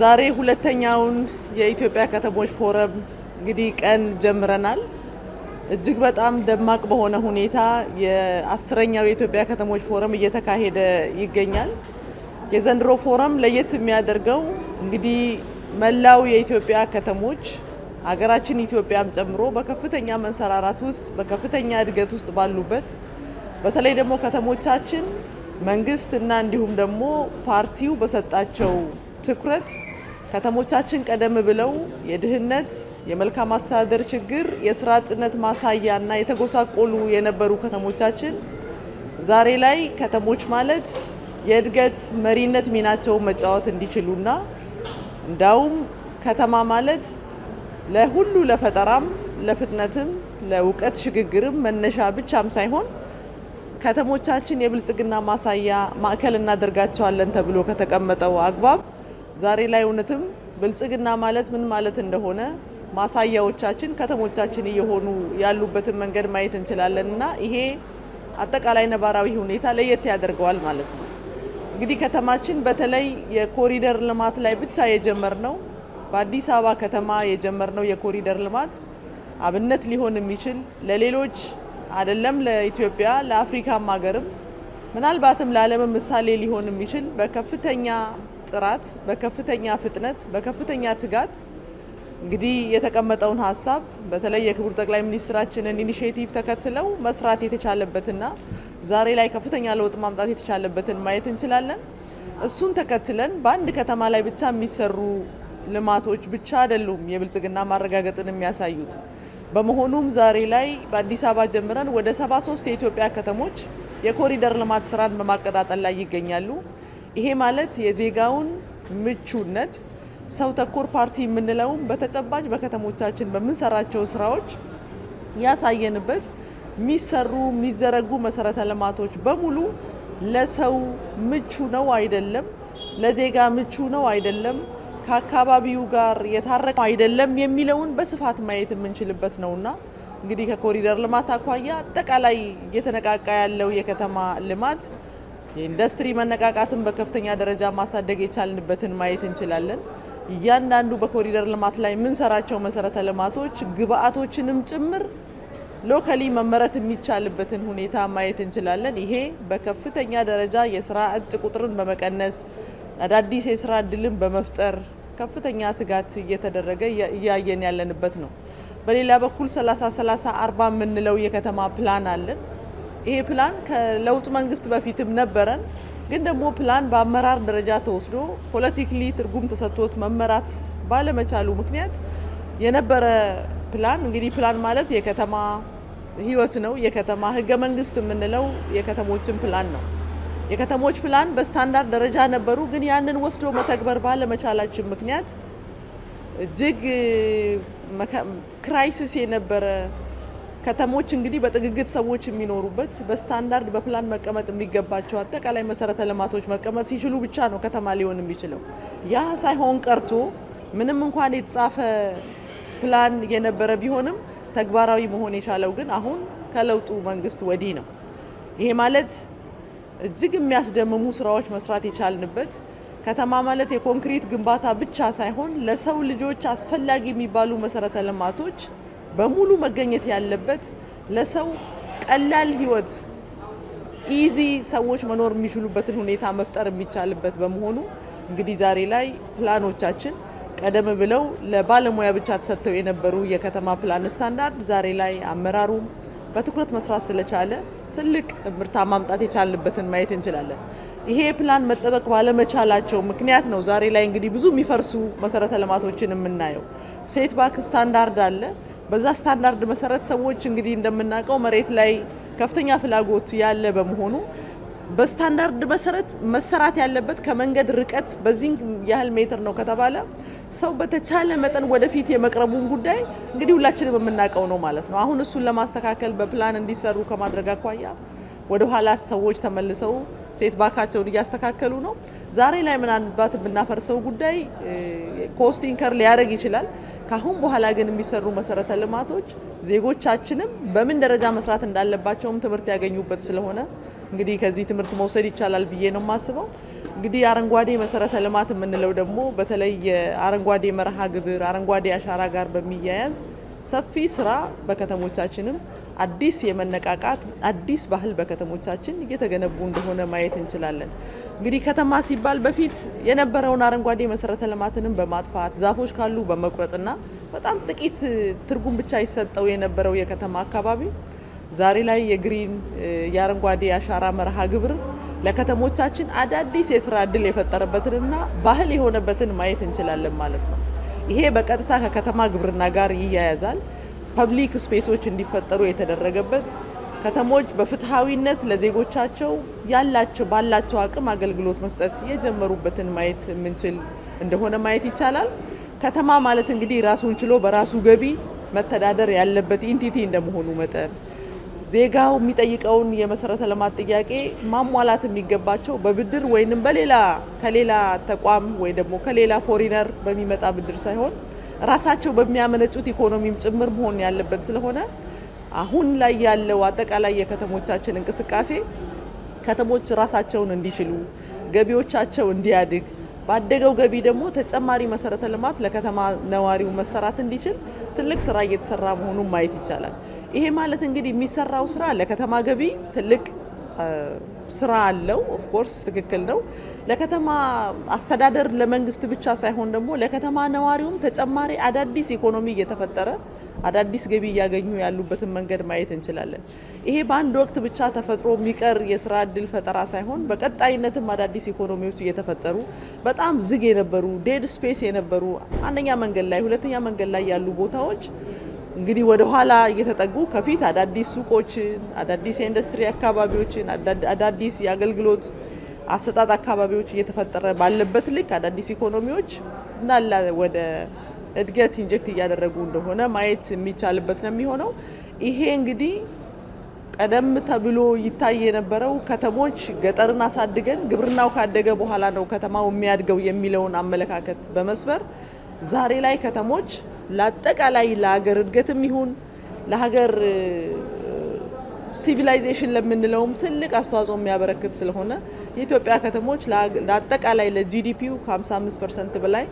ዛሬ ሁለተኛውን የኢትዮጵያ ከተሞች ፎረም እንግዲህ ቀን ጀምረናል። እጅግ በጣም ደማቅ በሆነ ሁኔታ የአስረኛው የኢትዮጵያ ከተሞች ፎረም እየተካሄደ ይገኛል። የዘንድሮ ፎረም ለየት የሚያደርገው እንግዲህ መላው የኢትዮጵያ ከተሞች ሀገራችን ኢትዮጵያም ጨምሮ በከፍተኛ መንሰራራት ውስጥ በከፍተኛ እድገት ውስጥ ባሉበት በተለይ ደግሞ ከተሞቻችን መንግስት እና እንዲሁም ደግሞ ፓርቲው በሰጣቸው ትኩረት ከተሞቻችን ቀደም ብለው የድህነት፣ የመልካም አስተዳደር ችግር፣ የስራ አጥነት ና የተጎሳቆሉ የነበሩ ከተሞቻችን ዛሬ ላይ ከተሞች ማለት የእድገት መሪነት ሚናቸውን መጫወት እንዲችሉና እንዳውም ከተማ ማለት ለሁሉ ለፈጠራም፣ ለፍጥነትም፣ ለእውቀት ሽግግርም መነሻ ብቻም ሳይሆን ከተሞቻችን የብልጽግና ማሳያ ማዕከል እናደርጋቸዋለን ተብሎ ከተቀመጠው አግባብ ዛሬ ላይ እውነትም ብልጽግና ማለት ምን ማለት እንደሆነ ማሳያዎቻችን ከተሞቻችን እየሆኑ ያሉበትን መንገድ ማየት እንችላለን እና ይሄ አጠቃላይ ነባራዊ ሁኔታ ለየት ያደርገዋል ማለት ነው። እንግዲህ ከተማችን በተለይ የኮሪደር ልማት ላይ ብቻ የጀመርነው በአዲስ አበባ ከተማ የጀመርነው የኮሪደር ልማት አብነት ሊሆን የሚችል ለሌሎች አይደለም ለኢትዮጵያ ለአፍሪካም ሀገርም ምናልባትም ለዓለም ምሳሌ ሊሆን የሚችል በከፍተኛ ጥራት በከፍተኛ ፍጥነት በከፍተኛ ትጋት እንግዲህ የተቀመጠውን ሀሳብ በተለይ የክቡር ጠቅላይ ሚኒስትራችንን ኢኒሽቲቭ ተከትለው መስራት የተቻለበትና ዛሬ ላይ ከፍተኛ ለውጥ ማምጣት የተቻለበትን ማየት እንችላለን። እሱን ተከትለን በአንድ ከተማ ላይ ብቻ የሚሰሩ ልማቶች ብቻ አይደሉም የብልጽግና ማረጋገጥን የሚያሳዩት። በመሆኑም ዛሬ ላይ በአዲስ አበባ ጀምረን ወደ 73 የኢትዮጵያ ከተሞች የኮሪደር ልማት ስራን በማቀጣጠል ላይ ይገኛሉ። ይሄ ማለት የዜጋውን ምቹነት ሰው ተኮር ፓርቲ የምንለውም በተጨባጭ በከተሞቻችን በምንሰራቸው ስራዎች ያሳየንበት የሚሰሩ የሚዘረጉ መሰረተ ልማቶች በሙሉ ለሰው ምቹ ነው አይደለም፣ ለዜጋ ምቹ ነው አይደለም፣ ከአካባቢው ጋር የታረቀ አይደለም የሚለውን በስፋት ማየት የምንችልበት ነውና እንግዲህ ከኮሪደር ልማት አኳያ አጠቃላይ እየተነቃቃ ያለው የከተማ ልማት የኢንዱስትሪ መነቃቃትን በከፍተኛ ደረጃ ማሳደግ የቻልንበትን ማየት እንችላለን። እያንዳንዱ በኮሪደር ልማት ላይ የምንሰራቸው መሰረተ ልማቶች ግብአቶችንም ጭምር ሎካሊ መመረት የሚቻልበትን ሁኔታ ማየት እንችላለን። ይሄ በከፍተኛ ደረጃ የስራ እጥ ቁጥርን በመቀነስ አዳዲስ የስራ እድልን በመፍጠር ከፍተኛ ትጋት እየተደረገ እያየን ያለንበት ነው። በሌላ በኩል 30 30 40 የምንለው የከተማ ፕላን አለን። ይሄ ፕላን ከለውጥ መንግስት በፊትም ነበረን፣ ግን ደግሞ ፕላን በአመራር ደረጃ ተወስዶ ፖለቲክሊ ትርጉም ተሰጥቶት መመራት ባለመቻሉ ምክንያት የነበረ ፕላን እንግዲህ ፕላን ማለት የከተማ ህይወት ነው። የከተማ ህገ መንግስት የምንለው የከተሞችን ፕላን ነው። የከተሞች ፕላን በስታንዳርድ ደረጃ ነበሩ፣ ግን ያንን ወስዶ መተግበር ባለመቻላችን ምክንያት እጅግ ክራይሲስ የነበረ ከተሞች እንግዲህ በጥግግት ሰዎች የሚኖሩበት በስታንዳርድ በፕላን መቀመጥ የሚገባቸው አጠቃላይ መሰረተ ልማቶች መቀመጥ ሲችሉ ብቻ ነው ከተማ ሊሆን የሚችለው። ያ ሳይሆን ቀርቶ ምንም እንኳን የተጻፈ ፕላን የነበረ ቢሆንም ተግባራዊ መሆን የቻለው ግን አሁን ከለውጡ መንግስት ወዲህ ነው። ይሄ ማለት እጅግ የሚያስደምሙ ስራዎች መስራት የቻልንበት ከተማ ማለት የኮንክሪት ግንባታ ብቻ ሳይሆን ለሰው ልጆች አስፈላጊ የሚባሉ መሰረተ ልማቶች በሙሉ መገኘት ያለበት ለሰው ቀላል ህይወት ኢዚ ሰዎች መኖር የሚችሉበትን ሁኔታ መፍጠር የሚቻልበት በመሆኑ እንግዲህ ዛሬ ላይ ፕላኖቻችን ቀደም ብለው ለባለሙያ ብቻ ተሰጥተው የነበሩ የከተማ ፕላን ስታንዳርድ ዛሬ ላይ አመራሩ በትኩረት መስራት ስለቻለ ትልቅ ምርታ ማምጣት የቻልንበትን ማየት እንችላለን። ይሄ ፕላን መጠበቅ ባለመቻላቸው ምክንያት ነው ዛሬ ላይ እንግዲህ ብዙ የሚፈርሱ መሰረተ ልማቶችን የምናየው። ሴት ባክ ስታንዳርድ አለ። በዛ ስታንዳርድ መሰረት ሰዎች እንግዲህ እንደምናውቀው መሬት ላይ ከፍተኛ ፍላጎት ያለ በመሆኑ በስታንዳርድ መሰረት መሰራት ያለበት ከመንገድ ርቀት በዚህ ያህል ሜትር ነው ከተባለ ሰው በተቻለ መጠን ወደፊት የመቅረቡን ጉዳይ እንግዲህ ሁላችንም የምናውቀው ነው ማለት ነው። አሁን እሱን ለማስተካከል በፕላን እንዲሰሩ ከማድረግ አኳያ ወደኋላ ሰዎች ተመልሰው ሴት ባካቸውን እያስተካከሉ ነው። ዛሬ ላይ ምናልባት የምናፈርሰው ጉዳይ ኮስቲንከር ሊያደረግ ሊያደርግ ይችላል። ካሁን በኋላ ግን የሚሰሩ መሰረተ ልማቶች ዜጎቻችንም በምን ደረጃ መስራት እንዳለባቸውም ትምህርት ያገኙበት ስለሆነ እንግዲህ ከዚህ ትምህርት መውሰድ ይቻላል ብዬ ነው የማስበው። እንግዲህ አረንጓዴ መሰረተ ልማት የምንለው ደግሞ በተለይ የአረንጓዴ መርሃ ግብር አረንጓዴ አሻራ ጋር በሚያያዝ ሰፊ ስራ በከተሞቻችንም አዲስ የመነቃቃት አዲስ ባህል በከተሞቻችን እየተገነቡ እንደሆነ ማየት እንችላለን። እንግዲህ ከተማ ሲባል በፊት የነበረውን አረንጓዴ መሰረተ ልማትንም በማጥፋት ዛፎች ካሉ በመቁረጥና በጣም ጥቂት ትርጉም ብቻ ይሰጠው የነበረው የከተማ አካባቢ ዛሬ ላይ የግሪን የአረንጓዴ አሻራ መርሃ ግብር ለከተሞቻችን አዳዲስ የስራ እድል የፈጠረበትንና ባህል የሆነበትን ማየት እንችላለን ማለት ነው። ይሄ በቀጥታ ከከተማ ግብርና ጋር ይያያዛል። ፐብሊክ ስፔሶች እንዲፈጠሩ የተደረገበት ከተሞች በፍትሐዊነት ለዜጎቻቸው ያላቸው ባላቸው አቅም አገልግሎት መስጠት የጀመሩበትን ማየት የምንችል እንደሆነ ማየት ይቻላል። ከተማ ማለት እንግዲህ ራሱን ችሎ በራሱ ገቢ መተዳደር ያለበት ኢንቲቲ እንደመሆኑ መጠን ዜጋው የሚጠይቀውን የመሰረተ ልማት ጥያቄ ማሟላት የሚገባቸው በብድር ወይንም በሌላ ከሌላ ተቋም ወይ ደግሞ ከሌላ ፎሪነር በሚመጣ ብድር ሳይሆን ራሳቸው በሚያመነጩት ኢኮኖሚም ጭምር መሆን ያለበት ስለሆነ አሁን ላይ ያለው አጠቃላይ የከተሞቻችን እንቅስቃሴ ከተሞች ራሳቸውን እንዲችሉ፣ ገቢዎቻቸው እንዲያድግ፣ ባደገው ገቢ ደግሞ ተጨማሪ መሰረተ ልማት ለከተማ ነዋሪው መሰራት እንዲችል ትልቅ ስራ እየተሰራ መሆኑን ማየት ይቻላል። ይሄ ማለት እንግዲህ የሚሰራው ስራ ለከተማ ገቢ ትልቅ ስራ አለው። ኦፍኮርስ ትክክል ነው። ለከተማ አስተዳደር ለመንግስት ብቻ ሳይሆን ደግሞ ለከተማ ነዋሪውም ተጨማሪ አዳዲስ ኢኮኖሚ እየተፈጠረ አዳዲስ ገቢ እያገኙ ያሉበትን መንገድ ማየት እንችላለን። ይሄ በአንድ ወቅት ብቻ ተፈጥሮ የሚቀር የስራ እድል ፈጠራ ሳይሆን በቀጣይነትም አዳዲስ ኢኮኖሚዎች እየተፈጠሩ በጣም ዝግ የነበሩ ዴድ ስፔስ የነበሩ አንደኛ መንገድ ላይ፣ ሁለተኛ መንገድ ላይ ያሉ ቦታዎች እንግዲህ ወደ ኋላ እየተጠጉ ከፊት አዳዲስ ሱቆችን፣ አዳዲስ የኢንዱስትሪ አካባቢዎችን፣ አዳዲስ የአገልግሎት አሰጣጥ አካባቢዎች እየተፈጠረ ባለበት ልክ አዳዲስ ኢኮኖሚዎች እንዳለ ወደ እድገት ኢንጀክት እያደረጉ እንደሆነ ማየት የሚቻልበት ነው የሚሆነው። ይሄ እንግዲህ ቀደም ተብሎ ይታይ የነበረው ከተሞች ገጠርን አሳድገን ግብርናው ካደገ በኋላ ነው ከተማው የሚያድገው የሚለውን አመለካከት በመስበር ዛሬ ላይ ከተሞች ለአጠቃላይ ለሀገር እድገትም ይሁን ለሀገር ሲቪላይዜሽን ለምንለውም ትልቅ አስተዋጽኦ የሚያበረክት ስለሆነ የኢትዮጵያ ከተሞች ለአጠቃላይ ለጂዲፒው ከ55 ፐርሰንት በላይ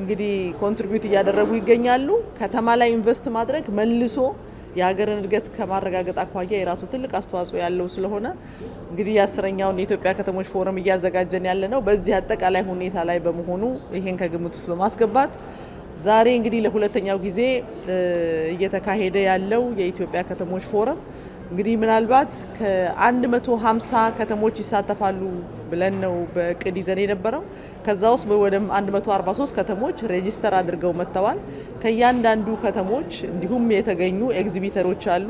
እንግዲህ ኮንትሪቢዩት እያደረጉ ይገኛሉ። ከተማ ላይ ኢንቨስት ማድረግ መልሶ የሀገርን እድገት ከማረጋገጥ አኳያ የራሱ ትልቅ አስተዋጽኦ ያለው ስለሆነ እንግዲህ የአስረኛውን የኢትዮጵያ ከተሞች ፎረም እያዘጋጀን ያለ ነው። በዚህ አጠቃላይ ሁኔታ ላይ በመሆኑ ይሄን ከግምት ውስጥ በማስገባት ዛሬ እንግዲህ ለሁለተኛው ጊዜ እየተካሄደ ያለው የኢትዮጵያ ከተሞች ፎረም እንግዲህ ምናልባት ከ150 ከተሞች ይሳተፋሉ ብለን ነው በእቅድ ይዘን የነበረው። ከዛ ውስጥ ወደ 143 ከተሞች ሬጂስተር አድርገው መጥተዋል። ከእያንዳንዱ ከተሞች እንዲሁም የተገኙ ኤግዚቢተሮች አሉ።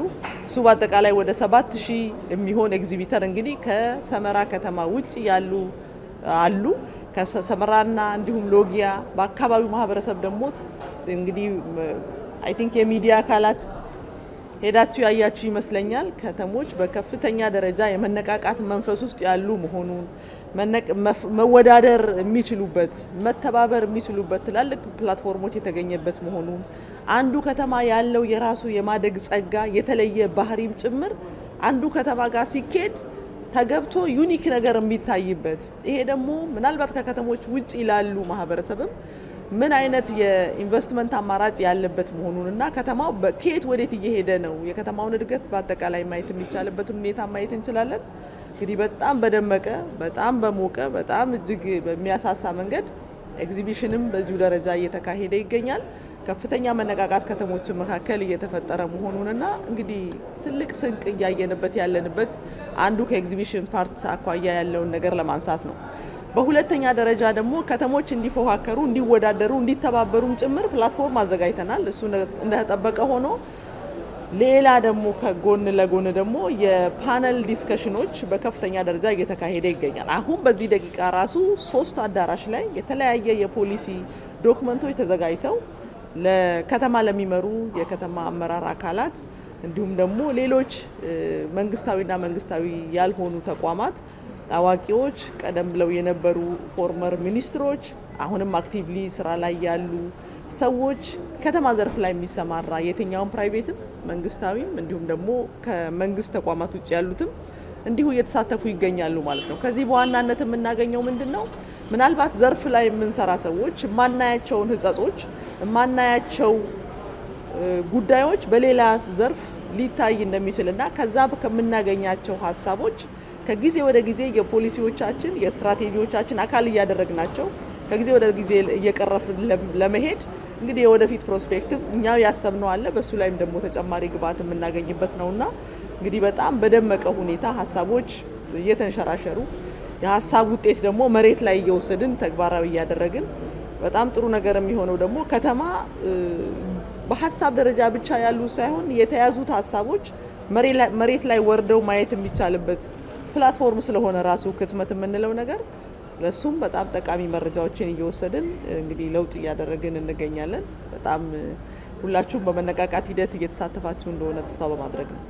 እሱ በአጠቃላይ ወደ 7000 የሚሆን ኤግዚቢተር እንግዲህ ከሰመራ ከተማ ውጭ ያሉ አሉ። ከሰመራና እንዲሁም ሎጊያ በአካባቢው ማህበረሰብ ደግሞ እንግዲህ አይ ቲንክ የሚዲያ አካላት ሄዳችሁ ያያችሁ ይመስለኛል። ከተሞች በከፍተኛ ደረጃ የመነቃቃት መንፈስ ውስጥ ያሉ መሆኑን መወዳደር የሚችሉበት መተባበር የሚችሉበት ትላልቅ ፕላትፎርሞች የተገኘበት መሆኑን አንዱ ከተማ ያለው የራሱ የማደግ ጸጋ የተለየ ባህሪም ጭምር አንዱ ከተማ ጋር ሲኬድ ተገብቶ ዩኒክ ነገር የሚታይበት ይሄ ደግሞ ምናልባት ከከተሞች ውጭ ላሉ ማህበረሰብም ምን አይነት የኢንቨስትመንት አማራጭ ያለበት መሆኑን እና ከተማው ከየት ወዴት እየሄደ ነው የከተማውን እድገት በአጠቃላይ ማየት የሚቻልበትን ሁኔታ ማየት እንችላለን። እንግዲህ በጣም በደመቀ በጣም በሞቀ በጣም እጅግ በሚያሳሳ መንገድ ኤግዚቢሽንም በዚሁ ደረጃ እየተካሄደ ይገኛል። ከፍተኛ መነቃቃት ከተሞችን መካከል እየተፈጠረ መሆኑንና እንግዲህ ትልቅ ስንቅ እያየንበት ያለንበት አንዱ ከኤግዚቢሽን ፓርት አኳያ ያለውን ነገር ለማንሳት ነው። በሁለተኛ ደረጃ ደግሞ ከተሞች እንዲፎካከሩ፣ እንዲወዳደሩ፣ እንዲተባበሩም ጭምር ፕላትፎርም አዘጋጅተናል። እሱ እንደተጠበቀ ሆኖ ሌላ ደግሞ ከጎን ለጎን ደግሞ የፓነል ዲስከሽኖች በከፍተኛ ደረጃ እየተካሄደ ይገኛል። አሁን በዚህ ደቂቃ ራሱ ሶስት አዳራሽ ላይ የተለያየ የፖሊሲ ዶክመንቶች ተዘጋጅተው ለከተማ ለሚመሩ የከተማ አመራር አካላት እንዲሁም ደግሞ ሌሎች መንግስታዊና መንግስታዊ ያልሆኑ ተቋማት አዋቂዎች ቀደም ብለው የነበሩ ፎርመር ሚኒስትሮች፣ አሁንም አክቲቭሊ ስራ ላይ ያሉ ሰዎች፣ ከተማ ዘርፍ ላይ የሚሰማራ የትኛውም ፕራይቬትም መንግስታዊም እንዲሁም ደግሞ ከመንግስት ተቋማት ውጭ ያሉትም እንዲሁ እየተሳተፉ ይገኛሉ ማለት ነው። ከዚህ በዋናነት የምናገኘው ምንድን ነው? ምናልባት ዘርፍ ላይ የምንሰራ ሰዎች የማናያቸውን ህጸጾች የማናያቸው ጉዳዮች በሌላ ዘርፍ ሊታይ እንደሚችል እና ከዛ ከምናገኛቸው ሀሳቦች ከጊዜ ወደ ጊዜ የፖሊሲዎቻችን የስትራቴጂዎቻችን አካል እያደረግናቸው ከጊዜ ወደ ጊዜ እየቀረፍን ለመሄድ እንግዲህ የወደፊት ፕሮስፔክቲቭ ያሰብ ያሰብነው አለ። በእሱ ላይም ደግሞ ተጨማሪ ግብዓት የምናገኝበት ነውና እንግዲህ በጣም በደመቀ ሁኔታ ሀሳቦች እየተንሸራሸሩ የሀሳብ ውጤት ደግሞ መሬት ላይ እየወሰድን ተግባራዊ እያደረግን በጣም ጥሩ ነገር የሚሆነው ደግሞ ከተማ በሀሳብ ደረጃ ብቻ ያሉ ሳይሆን የተያዙት ሀሳቦች መሬት ላይ ወርደው ማየት የሚቻልበት ፕላትፎርም ስለሆነ ራሱ ክትመት የምንለው ነገር ለሱም በጣም ጠቃሚ መረጃዎችን እየወሰድን እንግዲህ ለውጥ እያደረግን እንገኛለን። በጣም ሁላችሁም በመነቃቃት ሂደት እየተሳተፋችሁ እንደሆነ ተስፋ በማድረግ ነው።